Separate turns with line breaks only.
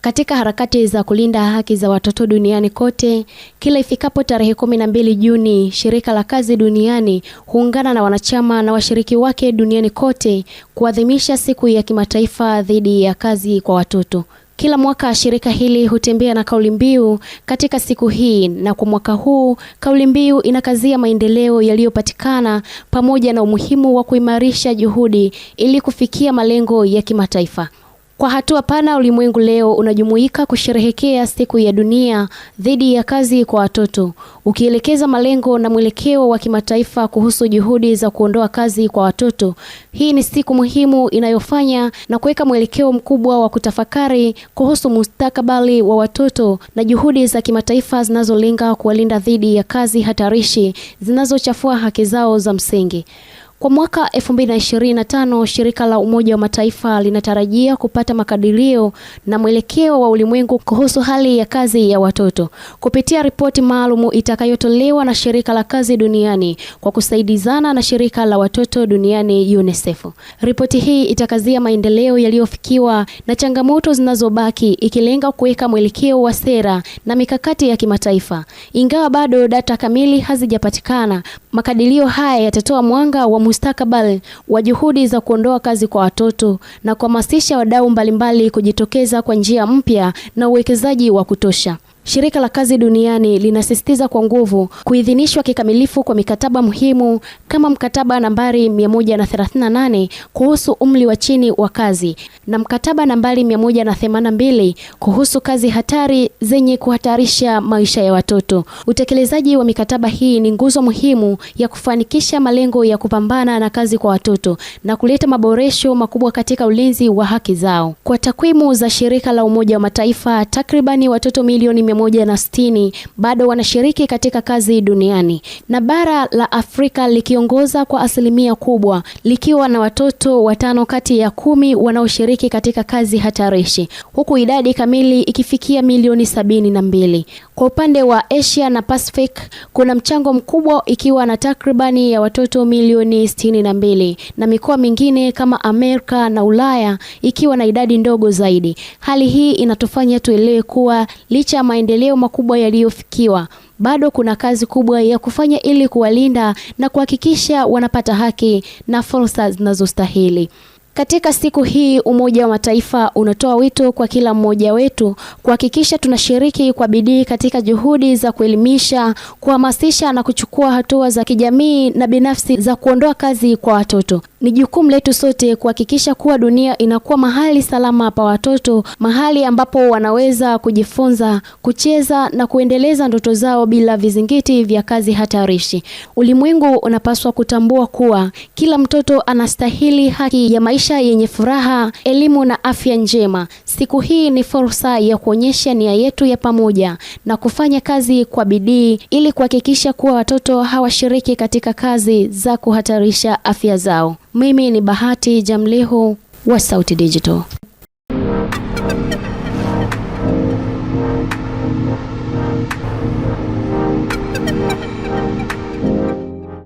Katika harakati za kulinda haki za watoto duniani kote, kila ifikapo tarehe 12 Juni, shirika la kazi duniani huungana na wanachama na washiriki wake duniani kote kuadhimisha siku ya kimataifa dhidi ya kazi kwa watoto. Kila mwaka shirika hili hutembea na kauli mbiu katika siku hii, na kwa mwaka huu kauli mbiu inakazia maendeleo yaliyopatikana pamoja na umuhimu wa kuimarisha juhudi ili kufikia malengo ya kimataifa. Kwa hatua pana, ulimwengu leo unajumuika kusherehekea siku ya dunia dhidi ya kazi kwa watoto, ukielekeza malengo na mwelekeo wa kimataifa kuhusu juhudi za kuondoa kazi kwa watoto. Hii ni siku muhimu inayofanya na kuweka mwelekeo mkubwa wa kutafakari kuhusu mustakabali wa watoto na juhudi za kimataifa zinazolenga kuwalinda dhidi ya kazi hatarishi zinazochafua haki zao za msingi. Kwa mwaka 2025 shirika la Umoja wa Mataifa linatarajia kupata makadirio na mwelekeo wa ulimwengu kuhusu hali ya kazi ya watoto kupitia ripoti maalum itakayotolewa na shirika la kazi duniani kwa kusaidizana na shirika la watoto duniani UNICEF. Ripoti hii itakazia maendeleo yaliyofikiwa na changamoto zinazobaki ikilenga kuweka mwelekeo wa sera na mikakati ya kimataifa. Ingawa bado data kamili hazijapatikana, makadirio haya yatatoa mwanga wa mustakabali wa juhudi za kuondoa kazi kwa watoto na kuhamasisha wadau mbalimbali kujitokeza kwa njia mpya na uwekezaji wa kutosha. Shirika la Kazi Duniani linasisitiza kwa nguvu kuidhinishwa kikamilifu kwa mikataba muhimu kama mkataba nambari 138 kuhusu umri wa chini wa kazi na mkataba nambari 182 kuhusu kazi hatari zenye kuhatarisha maisha ya watoto. Utekelezaji wa mikataba hii ni nguzo muhimu ya kufanikisha malengo ya kupambana na kazi kwa watoto na kuleta maboresho makubwa katika ulinzi wa haki zao. Kwa takwimu za shirika la Umoja wa Mataifa, takribani watoto milioni 160 bado wanashiriki katika kazi duniani na bara la Afrika likiongoza kwa asilimia kubwa likiwa na watoto watano kati ya kumi wanaoshiriki katika kazi hatarishi huku idadi kamili ikifikia milioni sabini na mbili. Kwa upande wa Asia na Pacific kuna mchango mkubwa ikiwa na takribani ya watoto milioni sitini na mbili na mikoa mingine kama Amerika na Ulaya ikiwa na idadi ndogo zaidi. Hali hii inatufanya tuelewe kuwa licha ya maendeleo makubwa yaliyofikiwa, bado kuna kazi kubwa ya kufanya ili kuwalinda na kuhakikisha wanapata haki na fursa zinazostahili. Katika siku hii Umoja wa Mataifa unatoa wito kwa kila mmoja wetu kuhakikisha tunashiriki kwa bidii katika juhudi za kuelimisha, kuhamasisha na kuchukua hatua za kijamii na binafsi za kuondoa kazi kwa watoto. Ni jukumu letu sote kuhakikisha kuwa dunia inakuwa mahali salama pa watoto, mahali ambapo wanaweza kujifunza, kucheza na kuendeleza ndoto zao bila vizingiti vya kazi hatarishi. Ulimwengu unapaswa kutambua kuwa kila mtoto anastahili haki ya maisha maisha yenye furaha, elimu na afya njema. Siku hii ni fursa ya kuonyesha nia yetu ya pamoja na kufanya kazi kwa bidii ili kuhakikisha kuwa watoto hawashiriki katika kazi za kuhatarisha afya zao. Mimi ni Bahati Jamlihu wa Sauti Digital.